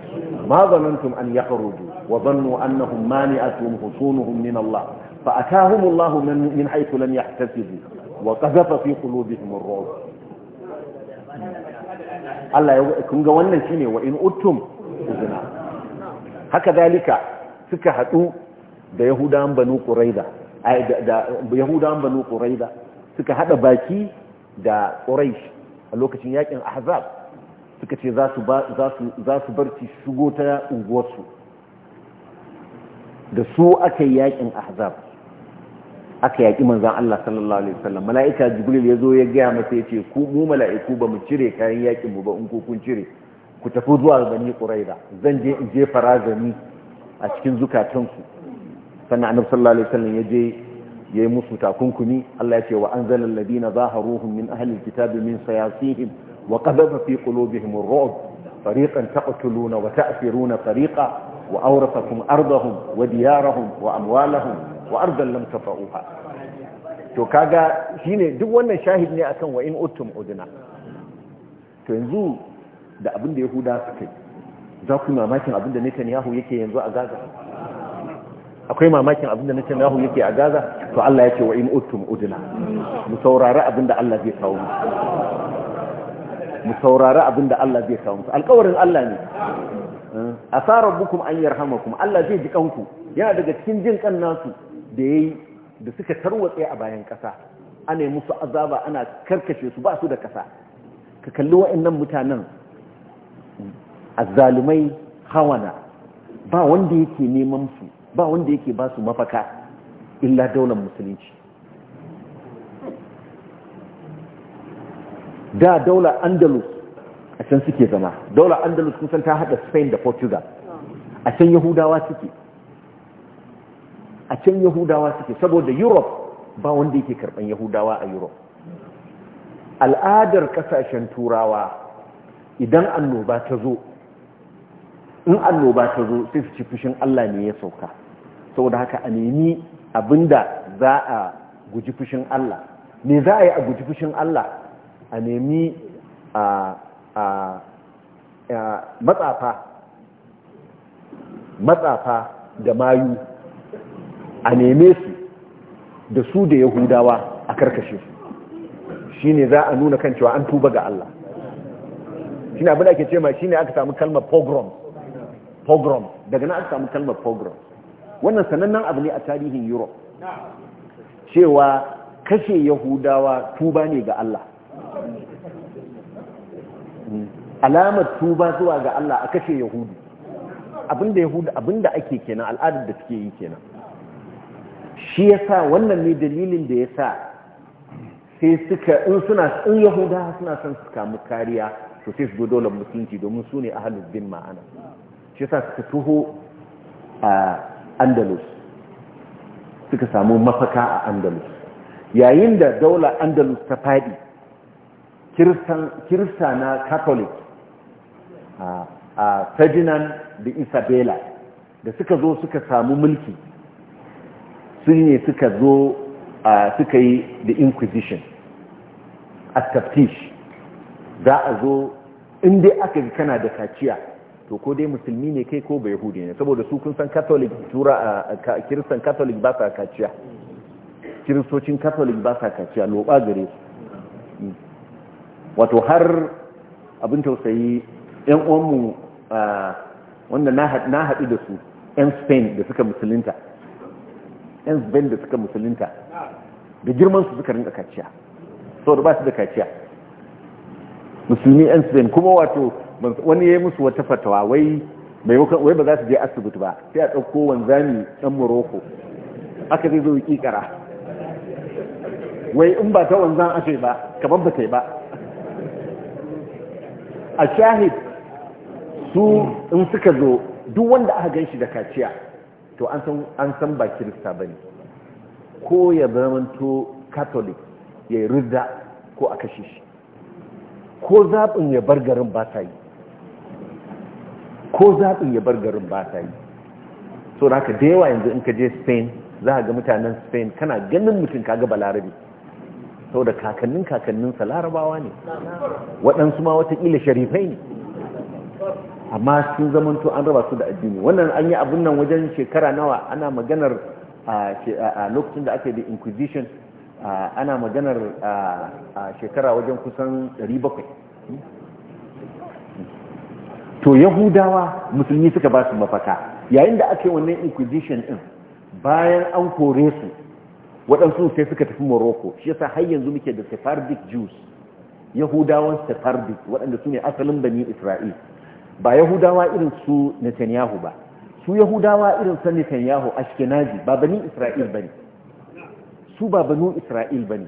ma dhanantum an yakhruju wa dhannu annahum mani'atun husunuhum min Allah fa atahum Allah min haythu lam yahtasibu wa qadhafa fi qulubihim ar-ru'b Allah ya kun ga wannan shine wa in uttum zina haka dalika suka haɗu da yahudan banu quraiza da yahudan banu quraiza suka haɗa baki da quraish a lokacin yakin ahzab suka ce za su za su barci shigo ta unguwarsu da su aka yi yakin ahzab aka yaƙi manzan Allah sallallahu alaihi wasallam mala'ika jibril ya zo ya gaya masa ya ce ku mu mala'iku ba mu cire kayan yaƙinmu mu ba in kun cire ku tafi zuwa bani quraida zan je in je farazani a cikin zukatan ku sannan annabi sallallahu alaihi wasallam ya je ya yi musu takunkumi Allah ya ce wa anzala alladina zaharuhum min ahli alkitabi min sayasihim wa qadhafa fi qulubihim ar-ru'b fariqan taqtuluna wa ta'firuna fariqa wa awrathakum ardahum wa diyarahum wa amwalahum wa ardan lam tafa'uha to kaga shine duk wannan shahid ne akan wa in uttum udna to yanzu da abin da yahuda suka yi za ku mamakin abin da yahu yake yanzu a Gaza akwai mamakin abin da yahu yake a Gaza to Allah ya ce wa in uttum udna mu saurari abin da Allah zai kawo mu saurari abin da Allah zai kawo mu alƙawarin Allah ne asarabukum an yarhamakum Allah zai ji kanku yana daga cikin jin kan nasu da yi da suka tarwatsa a bayan ƙasa ana yi musu azaba ana karkace su ba su da ƙasa ka kalli wa'annan mutanen zalumai hawana ba wanda yake neman su ba wanda yake ba su mafaka illa daular musulunci da daular andalus a can suke zama daular andalus kusan ta hada spain da portugal a can yahudawa suke a can yahudawa suke saboda europe ba wanda yake karban yahudawa a europe al'adar kasashen turawa idan annoba ta zo in annoba ta zo sai su ci fushin allah ne ya sauka saboda haka a nemi abin da za a guji fushin allah ne za a yi a guji fushin allah a nemi a matsafa da mayu a neme su da su da yahudawa a karkashe su shi ne za a nuna kan cewa an tuba ga Allah shi ne abinda ake ce ma shi ne aka samu kalmar pogrom pogrom daga na aka samu kalmar pogrom wannan sanannen abu ne a tarihin europe cewa kashe yahudawa tuba ne ga Allah alamar tuba zuwa ga Allah a kashe yahudu abinda yahudu abinda ake kenan al'adar da suke yi kenan shi ya sa wannan ne dalilin da ya sa sai suka in suna in yahuda suna son su kamu kariya to sai su dole musulunci domin su ne ahalus bin ma'ana shi ya sa suka tuho a andalus suka samu mafaka a andalus yayin da daular andalus ta fadi kirista na catholic a ferdinand da isabella da suka zo suka samu mulki sun ne suka zo suka yi da inquisition a taftish za a zo inda aka yi kana da kaciya to ko dai musulmi ne kai ko bai hudu ne saboda su kun san catholic tura a kiristan catholic ba sa kaciya kiristocin catholic ba sa kaciya loba gare su wato har abin tausayi yan wanda na haɗu da su yan spain da suka musulinta. yan zubain da suka musulunta da girman su suka rinka kaciya sau da ba su da kaciya musulmi yan zubain kuma wato wani ya yi musu wata fatawa wai wai ba za su je asibiti ba sai a ɗauko wanzami ɗan morocco aka zai zo yi ƙiƙara wai in ba ta wanzan aka ba kamar ba ta yi ba a shahid su in suka zo duk wanda aka gan shi da kaciya to an san ba kirista ba ne ko ya zamanto catholic ya yi rida ko a kashe shi ko zaɓin ya bar garin ba ta yi ko zaɓin ya bar garin ba ta yi so da haka da yawa yanzu in ka je spain za a ga mutanen spain kana ganin mutum kaga balarabe sau da kakannin kakanninsa larabawa ne waɗansu ma watakila sharifai ne amma sun zamanto an raba su da addini wannan an yi abun nan wajen shekara nawa ana maganar a lokacin da ake da inquisition ana maganar a shekara wajen kusan 700 to yahudawa musulmi suka ba su mafaka yayin da ake wannan inquisition din bayan an kore su waɗansu sai suka tafi morocco shi yasa har yanzu muke da sephardic jews yahudawan sephardic waɗanda su ne asalin bani isra'il ba yahudawa irin su netanyahu ba su yahudawa irin su netanyahu ashkenazi ba bani isra'il bane su ba banu isra'il bane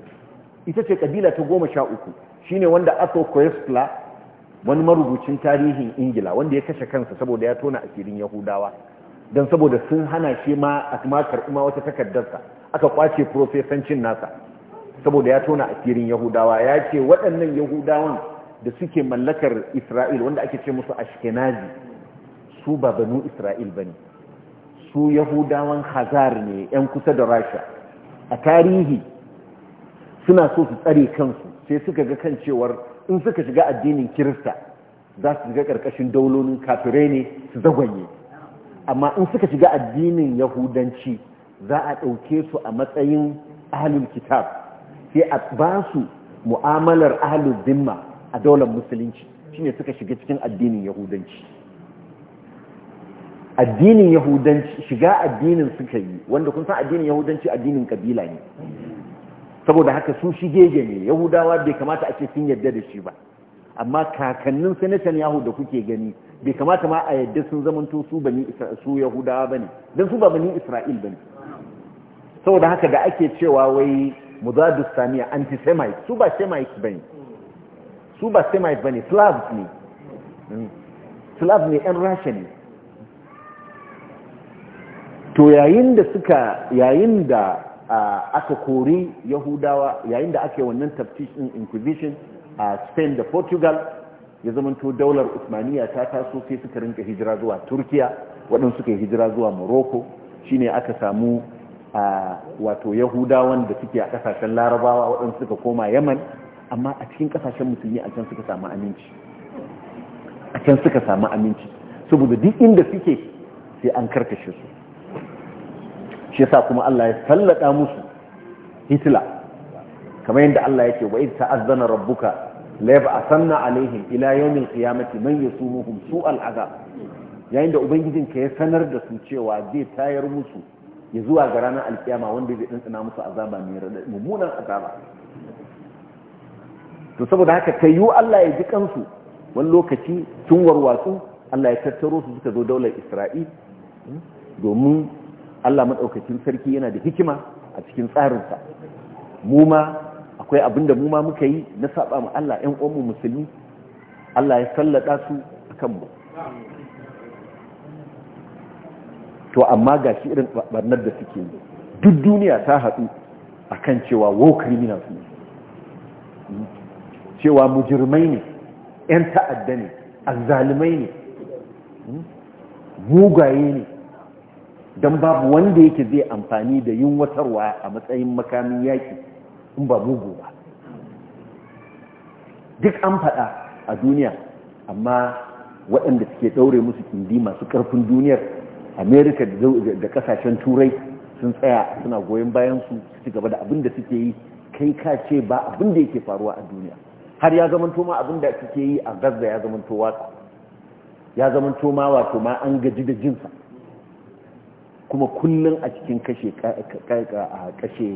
ita ce kabila ta goma sha uku shine wanda Arthur Koestler wani marubucin tarihin ingila wanda ya kashe kansa saboda ya tona asirin yahudawa don saboda sun hana shi ma a makar kuma wata takardarsa aka kwace profesancin nasa saboda ya tona asirin yahudawa ya ce waɗannan yahudawan da suke mallakar isra'il wanda ake ce musu ashkenazi su ba banu isra'il ba ne su yahudawan hazar ne 'yan kusa da rasha a tarihi suna so su tsare kansu sai suka ga kan cewar in suka shiga addinin kirista za su shiga karkashin daulolin kafirai ne su zagwanye amma in suka shiga addinin yahudanci za a ɗauke su a matsayin ahalul kitab sai a ba su mu'amalar ahalul zimma a daular musulunci ne suka shiga cikin addinin yahudanci addinin yahudanci shiga addinin suka yi wanda kun san addinin yahudanci addinin kabila ne saboda haka su shigege ne yahudawa bai kamata a ce sun yadda da shi ba amma kakannin sanatan yahu da kuke gani bai kamata ma a yadda sun zamanto su bani su yahudawa bane dan su ba bani isra'il bane saboda haka da ake cewa wai muzadus samiya anti semite su ba semite bane su ba semite ba ne slavs ne hmm. slavs ne yan rasha ne to yayin da suka yayin da aka kori yahudawa yayin da ake wannan taftishin inquisition a spain da portugal ya zamanto daular usmaniya ta taso sai suka rinka hijira zuwa turkiya waɗansu suka hijira zuwa morocco shi ne aka samu wato yahudawan da suke a ƙasashen larabawa waɗansu suka koma yaman amma a cikin kasashen musulmi a can suka samu aminci a can suka samu aminci saboda duk inda suke sai an karkashe su shi yasa kuma Allah ya sallada musu hitla kamar yadda Allah yake wa idza ta'azzana rabbuka la yab'athanna alaihim ila yawmil qiyamati man yasumuhum su'al azab yayin da ubangijin ka ya sanar da su cewa zai tayar musu ya zuwa ga ranar alkiyama wanda zai dantsana musu azaba mai radadi mummunan azaba to saboda haka ta yiwu Allah ya ji kansu wani lokaci sun warwatsu Allah ya tattaro su suka zo daular Isra'il domin Allah maɗaukacin sarki yana da hikima a cikin tsarinsa mu ma akwai abin da mu ma muka yi na saba ma Allah ƴan mu musulmi Allah ya sallada su akan mu to amma ga shi irin barnar da suke yi duk duniya ta haɗu akan cewa wo criminals ne cewa mujirmai ne 'yan ta'adda ne azzalumai ne hmm, mugaye ne don babu wanda yake zai amfani da yin watarwa a matsayin makamin yaƙi in ba mugu ba duk an faɗa a duniya amma waɗanda suke ɗaure musu kindi masu ƙarfin duniyar amerika da ƙasashen turai sun tsaya suna goyon bayan su su gaba da abin da suke yi kai ka ce ba abin da yake faruwa a duniya har ya zamanto ma abin da yi a gaza ya zamanto waka ya zamanto ma wato ma an gaji da jinsa kuma kullum a cikin kashe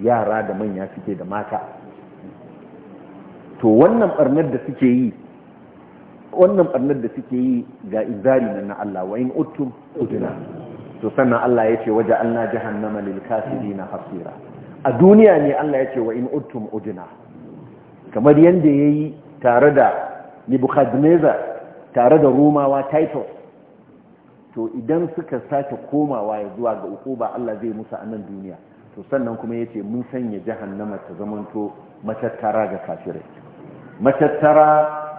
yara da manya suke da mata to wannan barnar da suke yi wannan barnar da suke yi ga izari na na Allah wa in uttum udna to sannan Allah ya ce waje jahannama lil kafirina hasira a duniya ne Allah ya ce wa in uttum udna kamar yadda ya yi tare da nebuchadnezzar tare da romawa titus to idan suka sake komawa ya zuwa ga uku ba allah zai musu a nan duniya to sannan kuma ya ce mun sanya jahannama ta zamanto matattara ga kafirai matattara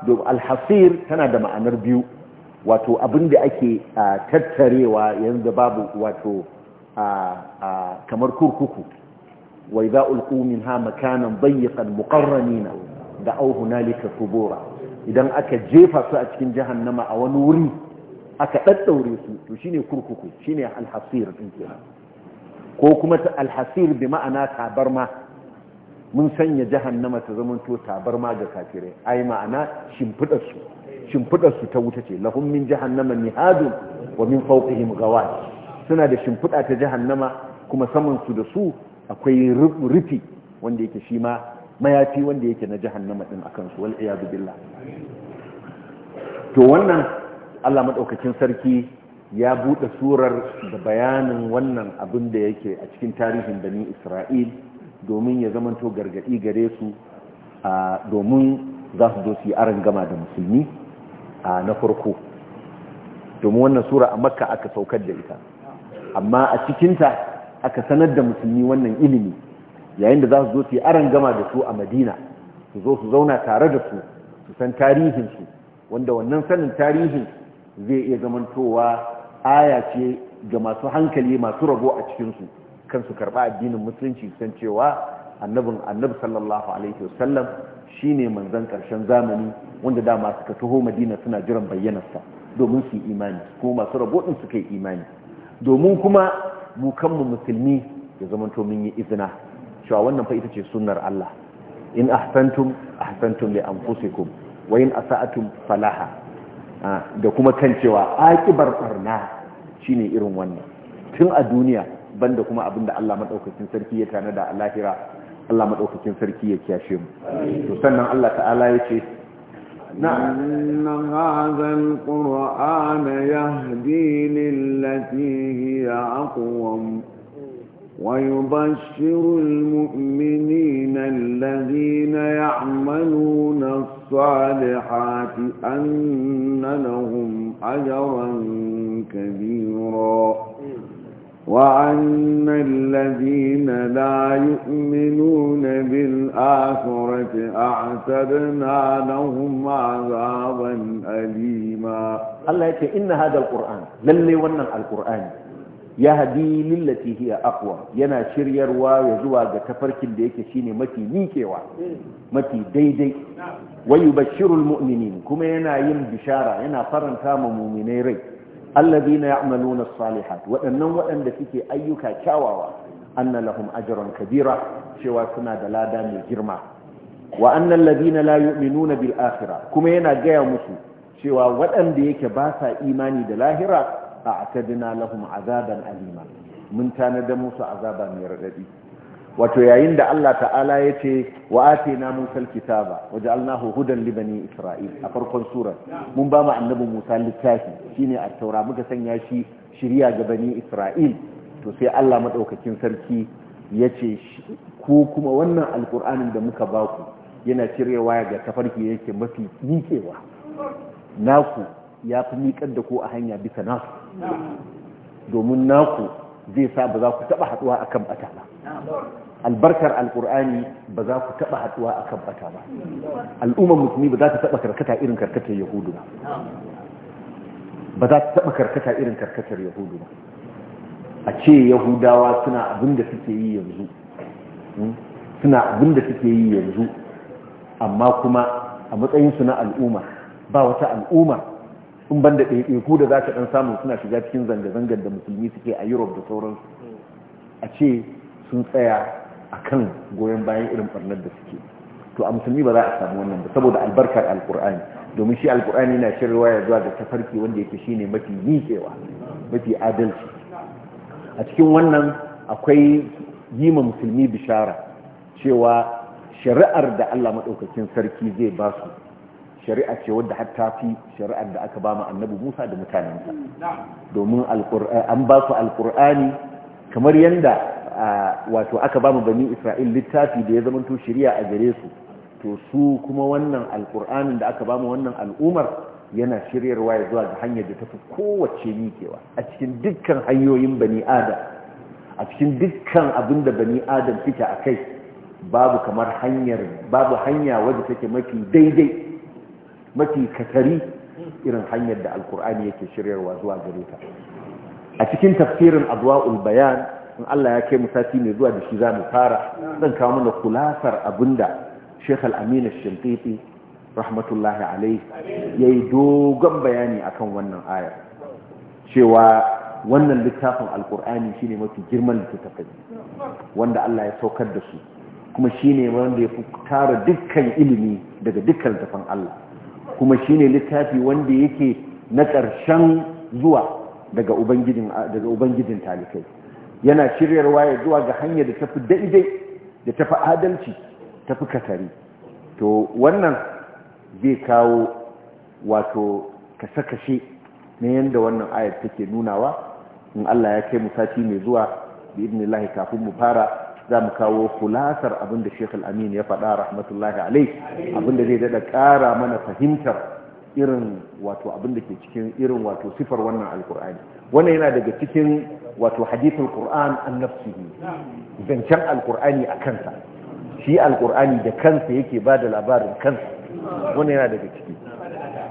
da alhasir tana da ma'anar biyu wato abin da ake tattarewa yanzu babu wato kamar kurkuku wa idza ulqu minha makanan dayyiqan muqarranina da au hunalika subura idan aka jefa su a cikin jahannama a wani wuri aka daddaure su to shine kurkuku shine alhasir din kenan ko kuma alhasir da ma'ana tabarma mun sanya jahannama ta zamanto tabarma ga kafirai ai ma'ana shimfiɗarsu ta wuta ce lahumin min jahannama mihadun wa min fawqihim ghawat suna da shimfida ta jahannama kuma saman su da su akwai rufi wanda yake shi ma mayafi wanda yake na jahannama din akan su wal iyad billah to wannan Allah madaukakin sarki ya buɗe surar da bayanin wannan abin da yake a cikin tarihin bani Isra'il domin ya zamanto gargadi gare su domin za su zo su yi aron gama da musulmi a na farko domin wannan sura a makka aka saukar da ita amma a cikinta aka sanar da musulmi wannan ilimi yayin da za su zo su yi aran gama da su a madina su zo su zauna tare da su su san tarihinsu wanda wannan sanin tarihin zai iya zamantowa aya ce ga masu hankali masu rago a cikinsu kan su karɓa addinin musulunci san cewa annabin annabi sallallahu alaihi wasallam shine manzon ƙarshen zamani wanda dama suka taho madina suna jiran bayyanarsa domin su imani ko masu rabo din suka yi imani domin kuma mu kanmu musulmi ya zama zamanto mun yi izina cewa wannan fa ita ce sunnar Allah in ahsantum ahsantum li anfusikum wa in asa'atum falaha ah, da kuma kan cewa akibar barna shine irin wannan tun a duniya banda kuma abinda Allah madaukakin sarki ya tanada a lahira Allah madaukakin sarki ya kiyashe mu to sannan Allah ta'ala yace نعم إن هذا القرآن يهدي للتي هي أقوم ويبشر المؤمنين الذين يعملون الصالحات أن لهم أجرا كبيرا وأن الذين لا يؤمنون بالآخرة أعتدنا لهم عذابا أليما الله يقول إن هذا القرآن للي ونن القرآن يهدي للتي هي أقوى ينا شرير ويزوى كفرك ديك شيني متي نيكيوا متي ديدي ويبشر المؤمنين كما ينا يم بشارة ينا فرن كام مؤمني ريت alladhina ya'maluna as-salihat waɗannan waɗanda suke ayyuka kyawawa anna lahum ajran kabira cewa suna da lada mai girma wa anna na la yu'minuna bil akhirah kuma yana gaya musu cewa waɗanda yake ba sa imani da lahira a'tadna lahum azaban alima mun tanada musu azaba mai radadi wato yayin da Allah ta'ala ya ce wa atina musa waje waja'alnahu hudan li bani isra'il a farkon sura mun ba mu annabi musa littafi shine a taura muka sanya shi shiriya ga bani isra'il to sai Allah madaukakin sarki ya ce ku kuma wannan alkur'anin da muka ba ku yana waya ga tafarki yake mafi miƙewa naku ya fi miƙar da ku a hanya bisa naku domin naku zai sa ba za ku taɓa haɗuwa akan bata ba albarkar alkur'ani ba za ku taɓa haɗuwa akan bata ba al'ummar musulmi ba za ta taɓa karkata irin karkatar yahudu ba ba za ta taɓa karkata irin karkatar yahudu ba a ce yahudawa suna abin da suke yi yanzu hmm, suna abin da suke yi yanzu amma kuma a matsayin su na al'umma ba wata al'umma sun ban da ɗaiɗaiku da za ka ɗan samu suna shiga cikin zanga-zangar da musulmi suke a europe da sauransu a ce sun tsaya a kan goyon bayan irin ɓarnar da suke to a musulmi ba za a samu wannan ba saboda albarkar alkur'ani domin shi alkur'ani na shirin waya zuwa ga tafarki wanda yake shine mafi nitsewa mafi adalci a cikin wannan akwai yi ma musulmi bishara cewa shari'ar da allah maɗaukakin sarki zai ba su shari'a ce wadda ta fi shari'ar da aka ba mu annabi Musa da mutanensa domin eh, an ba su alqur'ani kamar yadda wato aka ba mu bani Isra'il littafi da ya zamanto shari'a a gare su to su kuma wannan alkur'anin da aka ba mu wannan al'umar yana shiryarwa ya zuwa ga hanyar da tafi kowace mikewa a cikin dukkan hanyoyin bani adam a cikin dukkan abin da bani adam fita a kai babu kamar hanyar babu hanya wadda take mafi daidai mafi katari irin hanyar da alkur'ani yake shiryarwa zuwa gare ta a cikin tafsirin adwa'ul bayan in Allah ya kai mu sati mai zuwa da shi za mu fara zan kawo mana kulasar abinda Sheikh Al-Amin Ash-Shintiti rahmatullahi alayhi yayi dogon bayani akan wannan aya cewa wannan littafin alkur'ani shine mafi girman littafin wanda Allah ya saukar da shi, kuma shine wanda ya fi tara dukkan ilimi daga dukkan tafan Allah kuma shine littafi wanda yake na ƙarshen zuwa daga ubangijin talikai yana shiryarwa ya zuwa ga hanyar da tafi daidai da tafi adalci tafi katari to wannan zai kawo wato kashe-kashe na yadda wannan ayar take nunawa in Allah ya kai mu sati mai zuwa bi lahi kafin mu fara za mu kawo kulasar abinda Sheikh Al-Amin ya faɗa rahmatullahi alaih abinda zai dada ƙara mana fahimtar irin wato abinda ke cikin irin wato sifar wannan alkur'ani wannan yana daga cikin wato hadithul qur'an an nafsihi zancen alkur'ani a kansa shi alkur'ani da kansa yake ba da labarin kansa wannan yana daga ciki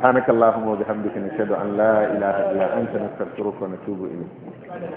سبحانك اللهم وبحمدك نشهد ان لا اله الا انت نستغفرك ونتوب اليك